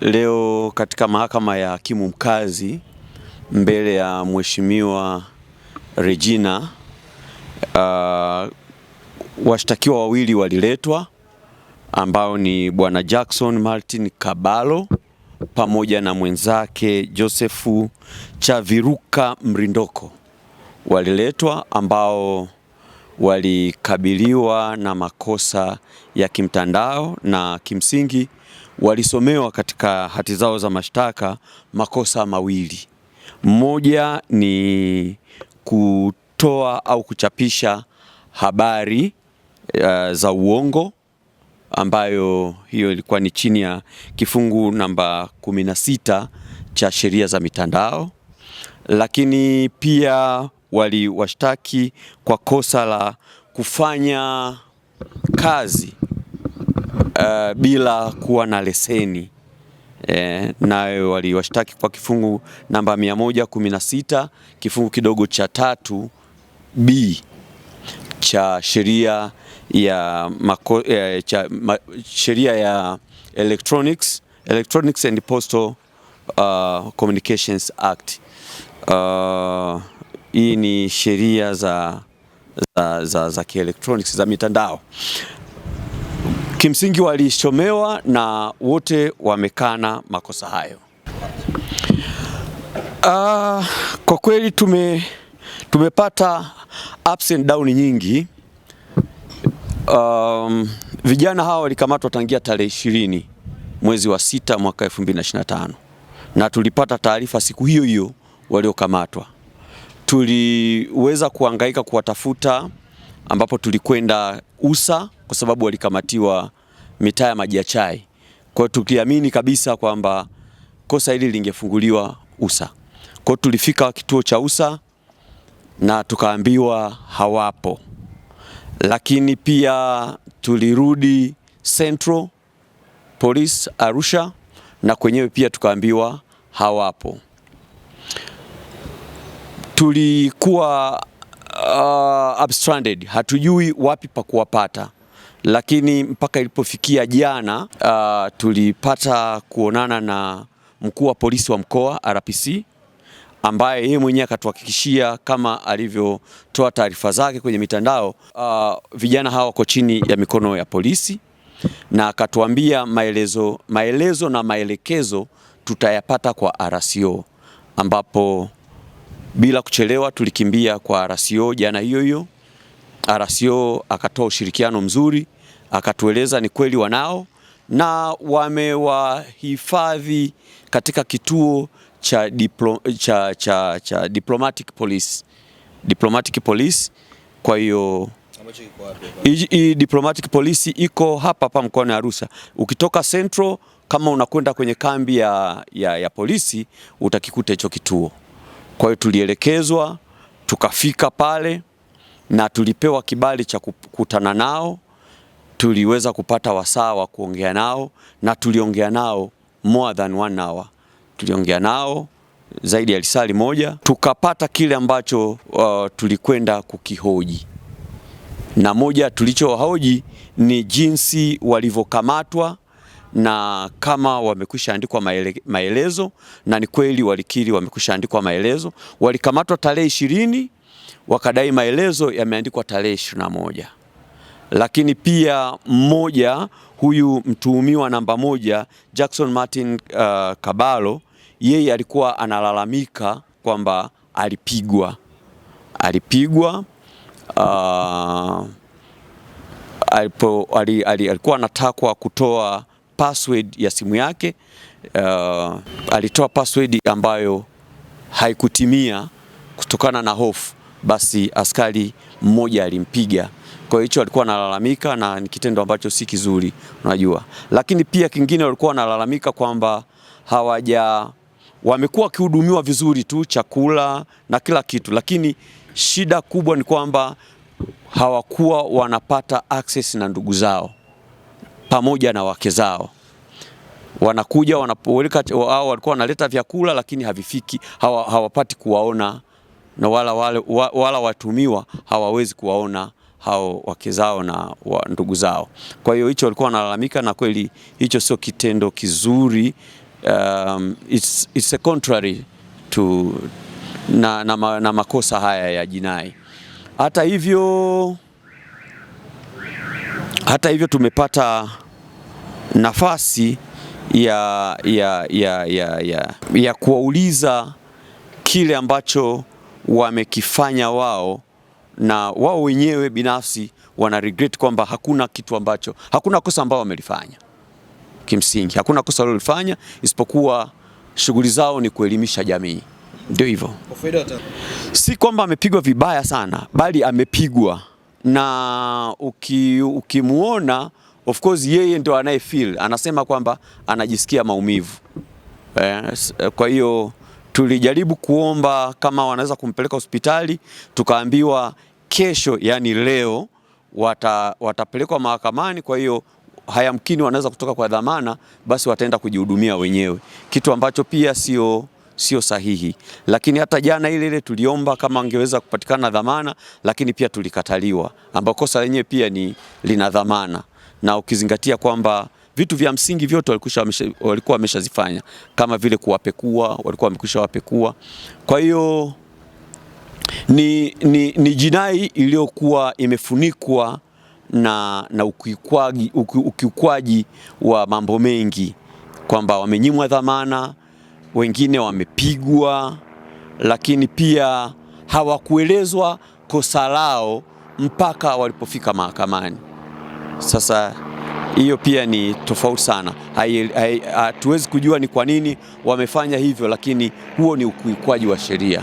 Leo katika mahakama ya hakimu mkazi mbele ya mheshimiwa Regina uh, washtakiwa wawili waliletwa ambao ni bwana Jackson Martin Kabalo pamoja na mwenzake Josefu Chaviruka Mrindoko waliletwa ambao walikabiliwa na makosa ya kimtandao na kimsingi walisomewa katika hati zao za mashtaka makosa mawili. Mmoja ni kutoa au kuchapisha habari uh, za uongo ambayo hiyo ilikuwa ni chini ya kifungu namba 16 cha sheria za mitandao, lakini pia waliwashtaki kwa kosa la kufanya kazi uh, bila kuwa na leseni eh, nayo waliwashtaki kwa kifungu namba 116 kifungu kidogo cha tatu B cha sheria ya, mako, eh, cha, ma, sheria ya Electronics, Electronics and Postal uh, Communications Act. Uh, hii ni sheria za, za, za, za kielektroniki za mitandao Kimsingi walichomewa na wote wamekana makosa hayo. Uh, kwa kweli tume, tumepata ups and down nyingi. Um, vijana hawa walikamatwa tangia tarehe ishirini mwezi wa sita mwaka 2025 na tulipata taarifa siku hiyo hiyo waliokamatwa. Tuliweza kuhangaika kuwatafuta ambapo tulikwenda Usa kwa sababu walikamatiwa mitaa ya maji ya chai. Kwa hiyo tukiamini kabisa kwamba kosa hili lingefunguliwa Usa. Kwa hiyo tulifika kituo cha Usa na tukaambiwa hawapo, lakini pia tulirudi Central Police Arusha na kwenyewe pia tukaambiwa hawapo. Tulikuwa uh, abstranded, hatujui wapi pa kuwapata, lakini mpaka ilipofikia jana uh, tulipata kuonana na mkuu wa polisi wa mkoa RPC ambaye yeye mwenyewe akatuhakikishia kama alivyotoa taarifa zake kwenye mitandao uh, vijana hawa wako chini ya mikono ya polisi, na akatuambia maelezo, maelezo na maelekezo tutayapata kwa RCO ambapo bila kuchelewa tulikimbia kwa RCO jana hiyo hiyo. RCO akatoa ushirikiano mzuri, akatueleza ni kweli wanao na wamewahifadhi katika kituo cha, diplo, cha, cha, cha diplomatic police, diplomatic police. Kwa hiyo hii diplomatic police iko hapa hapa mkoani Arusha. Ukitoka Central kama unakwenda kwenye kambi ya, ya, ya polisi utakikuta hicho kituo. Kwa hiyo tulielekezwa tukafika pale na tulipewa kibali cha kukutana nao, tuliweza kupata wasaa wa kuongea nao na tuliongea nao more than one hour. Tuliongea nao zaidi ya lisali moja, tukapata kile ambacho uh, tulikwenda kukihoji, na moja tulichohoji ni jinsi walivyokamatwa na kama wamekwisha andikwa maele, maelezo na ni kweli walikiri wamekwisha andikwa maelezo. Walikamatwa tarehe ishirini wakadai maelezo yameandikwa tarehe ishirini na moja lakini pia mmoja huyu mtuhumiwa namba moja Jackson Martin uh, Kabalo yeye alikuwa analalamika kwamba alipigwa alipigwa uh, alipo, alikuwa anatakwa kutoa password ya simu yake. Uh, alitoa password ambayo haikutimia kutokana na hofu, basi askari mmoja alimpiga. Kwa hicho alikuwa analalamika na, na ni kitendo ambacho si kizuri, unajua. Lakini pia kingine walikuwa wanalalamika kwamba hawaja wamekuwa wakihudumiwa vizuri tu chakula na kila kitu, lakini shida kubwa ni kwamba hawakuwa wanapata access na ndugu zao pamoja na wake zao wanakuja wanapoweka wao walikuwa wanaleta vyakula lakini havifiki, hawa, hawapati kuwaona na wala, wala, wala watumiwa hawawezi kuwaona hao wake zao na wa ndugu zao. Kwa hiyo hicho walikuwa wanalalamika, na kweli hicho sio kitendo kizuri. Um, it's, it's a contrary to na, na, na makosa haya ya jinai. Hata hivyo hata hivyo tumepata nafasi ya, ya, ya, ya, ya, ya kuwauliza kile ambacho wamekifanya wao na wao wenyewe binafsi wana regret kwamba hakuna kitu ambacho, hakuna kosa ambao wamelifanya kimsingi, hakuna kosa walilofanya isipokuwa shughuli zao ni kuelimisha jamii. Ndio hivyo, si kwamba amepigwa vibaya sana, bali amepigwa na uki, ukimuona of course yeye ndo anaye feel anasema kwamba anajisikia maumivu yes. Eh, eh, kwa hiyo tulijaribu kuomba kama wanaweza kumpeleka hospitali, tukaambiwa kesho, yani leo wata, watapelekwa mahakamani. Kwa hiyo hayamkini wanaweza kutoka kwa dhamana, basi wataenda kujihudumia wenyewe, kitu ambacho pia sio sio sahihi. Lakini hata jana ile ile tuliomba kama angeweza kupatikana dhamana, lakini pia tulikataliwa, ambao kosa lenyewe pia ni lina dhamana, na ukizingatia kwamba vitu vya msingi vyote walikusha walikuwa wameshazifanya kama vile kuwapekua, walikuwa wamekwisha wapekua. Kwa hiyo ni, ni, ni jinai iliyokuwa imefunikwa na, na ukiukwaji, uki, ukiukwaji wa mambo mengi kwamba wamenyimwa dhamana, wengine wamepigwa, lakini pia hawakuelezwa kosa lao mpaka walipofika mahakamani. Sasa hiyo pia ni tofauti sana, hatuwezi kujua ni kwa nini wamefanya hivyo, lakini huo ni ukiukwaji wa sheria.